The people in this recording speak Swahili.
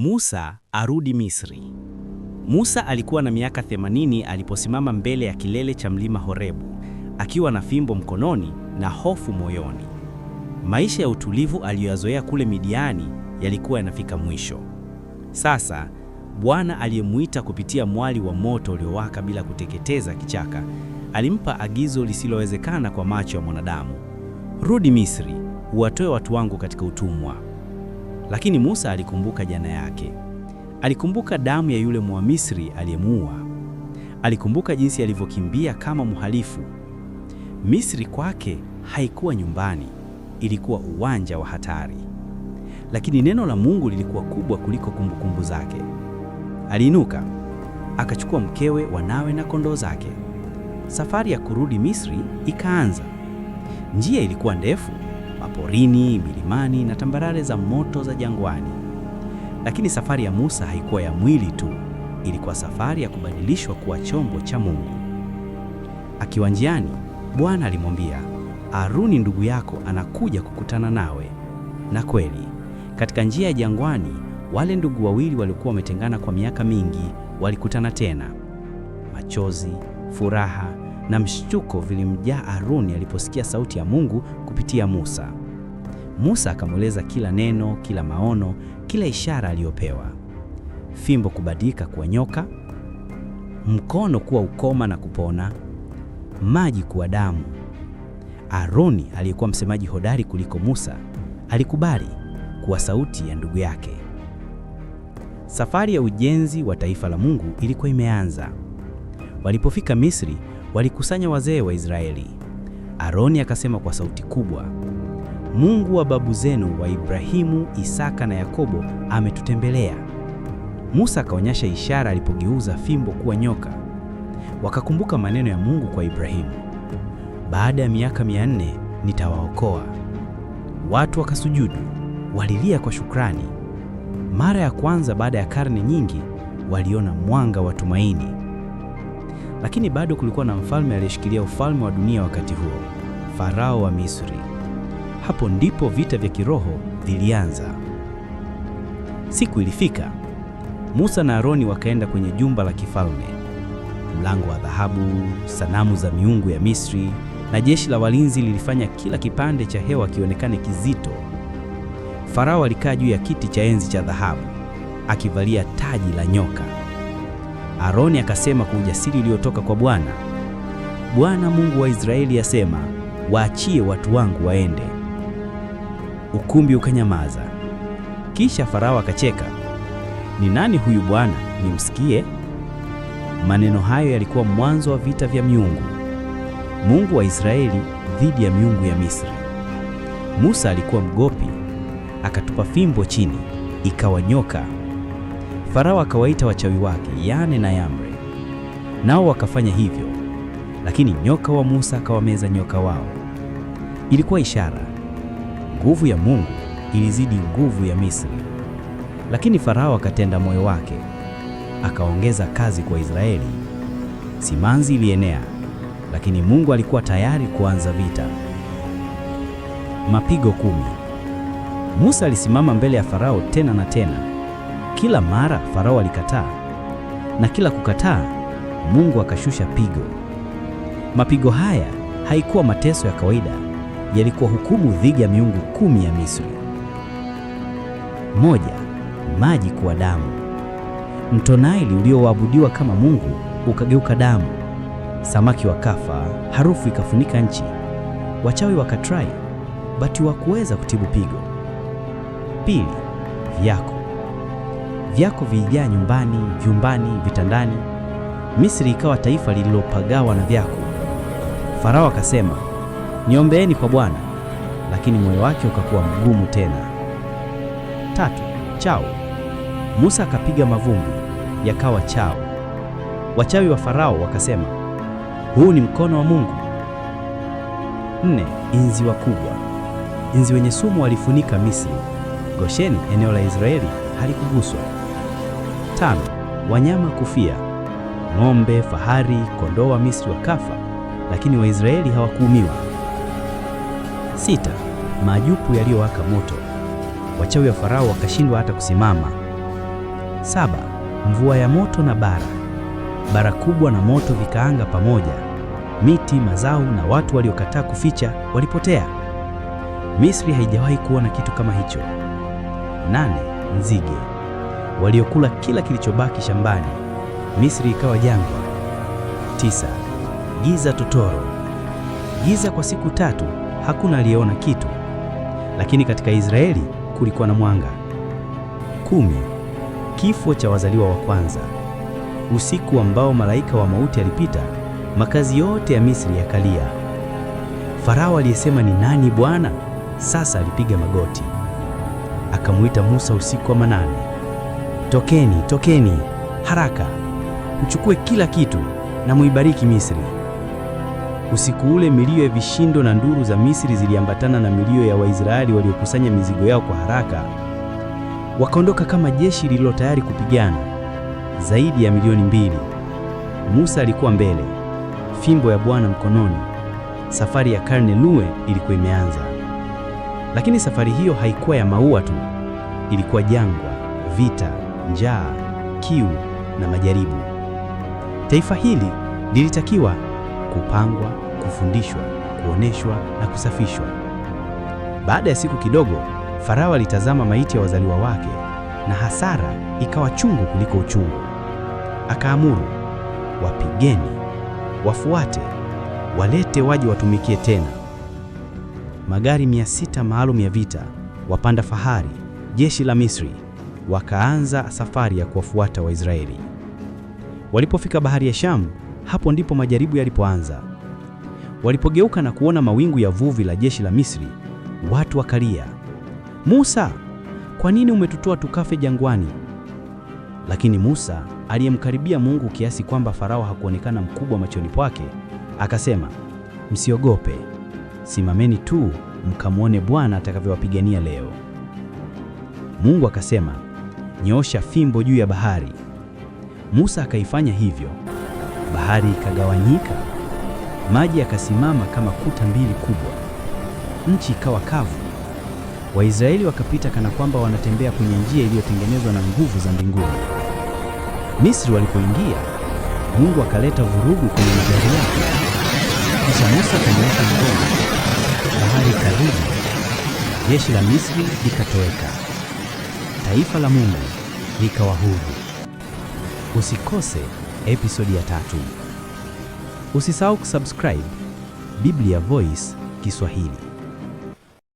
Musa arudi Misri. Musa alikuwa na miaka 80 aliposimama mbele ya kilele cha mlima Horebu, akiwa na fimbo mkononi na hofu moyoni. Maisha ya utulivu aliyoyazoea kule Midiani yalikuwa yanafika mwisho. Sasa Bwana aliyemuita kupitia mwali wa moto uliowaka bila kuteketeza kichaka, alimpa agizo lisilowezekana kwa macho ya mwanadamu. Rudi Misri, uwatoe watu wangu katika utumwa. Lakini Musa alikumbuka jana yake, alikumbuka damu ya yule Mwamisri aliyemuua, alikumbuka jinsi alivyokimbia kama mhalifu. Misri kwake haikuwa nyumbani, ilikuwa uwanja wa hatari, lakini neno la Mungu lilikuwa kubwa kuliko kumbukumbu zake. Aliinuka, akachukua mkewe, wanawe na kondoo zake. Safari ya kurudi Misri ikaanza. Njia ilikuwa ndefu porini, milimani na tambarare za moto za jangwani. Lakini safari ya Musa haikuwa ya mwili tu, ilikuwa safari ya kubadilishwa kuwa chombo cha Mungu. Akiwa njiani, Bwana alimwambia, Aruni ndugu yako anakuja kukutana nawe. Na kweli, katika njia ya jangwani, wale ndugu wawili waliokuwa wametengana kwa miaka mingi walikutana tena. Machozi, furaha na mshtuko vilimjaa Aruni aliposikia sauti ya Mungu kupitia Musa. Musa akamweleza kila neno, kila maono, kila ishara aliyopewa: fimbo kubadilika kuwa nyoka, mkono kuwa ukoma na kupona, maji kuwa damu. Aroni aliyekuwa msemaji hodari kuliko Musa alikubali kuwa sauti ya ndugu yake. Safari ya ujenzi wa taifa la Mungu ilikuwa imeanza. Walipofika Misri, walikusanya wazee wa Israeli. Aroni akasema kwa sauti kubwa, Mungu wa babu zenu wa Ibrahimu, Isaka na Yakobo ametutembelea. Musa akaonyesha ishara alipogeuza fimbo kuwa nyoka. Wakakumbuka maneno ya Mungu kwa Ibrahimu, baada ya miaka mia nne nitawaokoa. Watu wakasujudu, walilia kwa shukrani. Mara ya kwanza baada ya karne nyingi waliona mwanga wa tumaini. Lakini bado kulikuwa na mfalme aliyeshikilia ufalme wa dunia wakati huo, Farao wa Misri. Hapo ndipo vita vya kiroho vilianza. Siku ilifika, Musa na Aroni wakaenda kwenye jumba la kifalme. Mlango wa dhahabu, sanamu za miungu ya Misri na jeshi la walinzi lilifanya kila kipande cha hewa kionekane kizito. Farao alikaa juu ya kiti cha enzi cha dhahabu akivalia taji la nyoka. Aroni akasema kwa ujasiri uliotoka kwa Bwana, Bwana Mungu wa Israeli asema, waachie watu wangu waende ukumbi ukanyamaza. Kisha Farao akacheka, ni nani huyu bwana, nimsikie? Maneno hayo yalikuwa mwanzo wa vita vya miungu, Mungu wa Israeli dhidi ya miungu ya Misri. Musa alikuwa mgopi, akatupa fimbo chini, ikawa nyoka. Farao akawaita wachawi wake Yane na Yamre, nao wakafanya hivyo, lakini nyoka wa Musa akawameza nyoka wao. Ilikuwa ishara Nguvu ya Mungu ilizidi nguvu ya Misri, lakini Farao akatenda moyo wake, akaongeza kazi kwa Israeli. Simanzi ilienea, lakini Mungu alikuwa tayari kuanza vita. Mapigo kumi. Musa alisimama mbele ya Farao tena na tena. Kila mara Farao alikataa, na kila kukataa Mungu akashusha pigo. Mapigo haya haikuwa mateso ya kawaida yalikuwa hukumu dhidi ya miungu kumi ya Misri. Moja, maji kuwa damu. Mto Naili ulioabudiwa kama mungu ukageuka damu. Samaki wakafa, harufu ikafunika nchi. Wachawi wakatrai, bati wakuweza kutibu pigo. Pili, vyako vyako vilijaa nyumbani, vyumbani, vitandani. Misri ikawa taifa lililopagawa na vyako. Farao akasema niombeeni kwa Bwana, lakini moyo wake ukakuwa mgumu tena. Tatu, chao. Musa akapiga mavumbi yakawa chao. Wachawi wa Farao wakasema, huu ni mkono wa Mungu. Nne, inzi wakubwa. Inzi wenye sumu walifunika Misri. Gosheni, eneo la Israeli, halikuguswa. Tano, wanyama kufia. Ng'ombe, fahari, kondoo wa Misri wakafa, lakini Waisraeli hawakuumiwa. Sita, majupu yaliyowaka moto. Wachawi wa Farao wakashindwa hata kusimama. Saba, mvua ya moto na bara. Bara kubwa na moto vikaanga pamoja. Miti, mazao na watu waliokataa kuficha walipotea. Misri haijawahi kuona kitu kama hicho. Nane, nzige waliokula kila kilichobaki shambani. Misri ikawa jangwa. Tisa, giza totoro. Giza kwa siku tatu hakuna aliyeona kitu, lakini katika Israeli kulikuwa na mwanga. Kumi. Kifo cha wazaliwa wa kwanza. Usiku ambao malaika wa mauti alipita, makazi yote ya Misri yakalia. Farao aliyesema ni nani Bwana, sasa alipiga magoti, akamwita Musa usiku wa manane, tokeni, tokeni haraka, mchukue kila kitu na muibariki Misri. Usiku ule milio ya vishindo na nduru za Misri ziliambatana na milio ya Waisraeli waliokusanya mizigo yao kwa haraka. Wakaondoka kama jeshi lililo tayari kupigana, zaidi ya milioni mbili. Musa alikuwa mbele, fimbo ya Bwana mkononi. Safari ya karne nue ilikuwa imeanza, lakini safari hiyo haikuwa ya maua tu. Ilikuwa jangwa, vita, njaa, kiu na majaribu. Taifa hili lilitakiwa kupangwa, kufundishwa, kuoneshwa na kusafishwa. Baada ya siku kidogo, Farao alitazama maiti ya wazaliwa wake, na hasara ikawa chungu kuliko uchungu. Akaamuru, wapigeni, wafuate, walete waje watumikie tena. Magari mia sita maalum ya vita, wapanda fahari, jeshi la Misri wakaanza safari ya kuwafuata Waisraeli. Walipofika bahari ya Shamu, hapo ndipo majaribu yalipoanza. Walipogeuka na kuona mawingu ya vuvi la jeshi la Misri, watu wakalia, Musa, kwa nini umetutoa tukafe jangwani? Lakini Musa aliyemkaribia Mungu kiasi kwamba Farao hakuonekana mkubwa machoni pake, akasema, msiogope, simameni tu mkamwone Bwana atakavyowapigania leo. Mungu akasema, nyoosha fimbo juu ya bahari. Musa akaifanya hivyo. Bahari ikagawanyika, maji yakasimama kama kuta mbili kubwa, nchi ikawa kavu. Waisraeli wakapita kana kwamba wanatembea kwenye njia iliyotengenezwa na nguvu za mbinguni. Misri walipoingia, Mungu akaleta vurugu kwenye magari yake. Kisha Musa akamweka mkono, bahari ikarudi, jeshi la Misri likatoweka, taifa la Mungu likawa huru. Usikose episodi ya tatu. Usisahau kusubscribe Biblia Voice Kiswahili.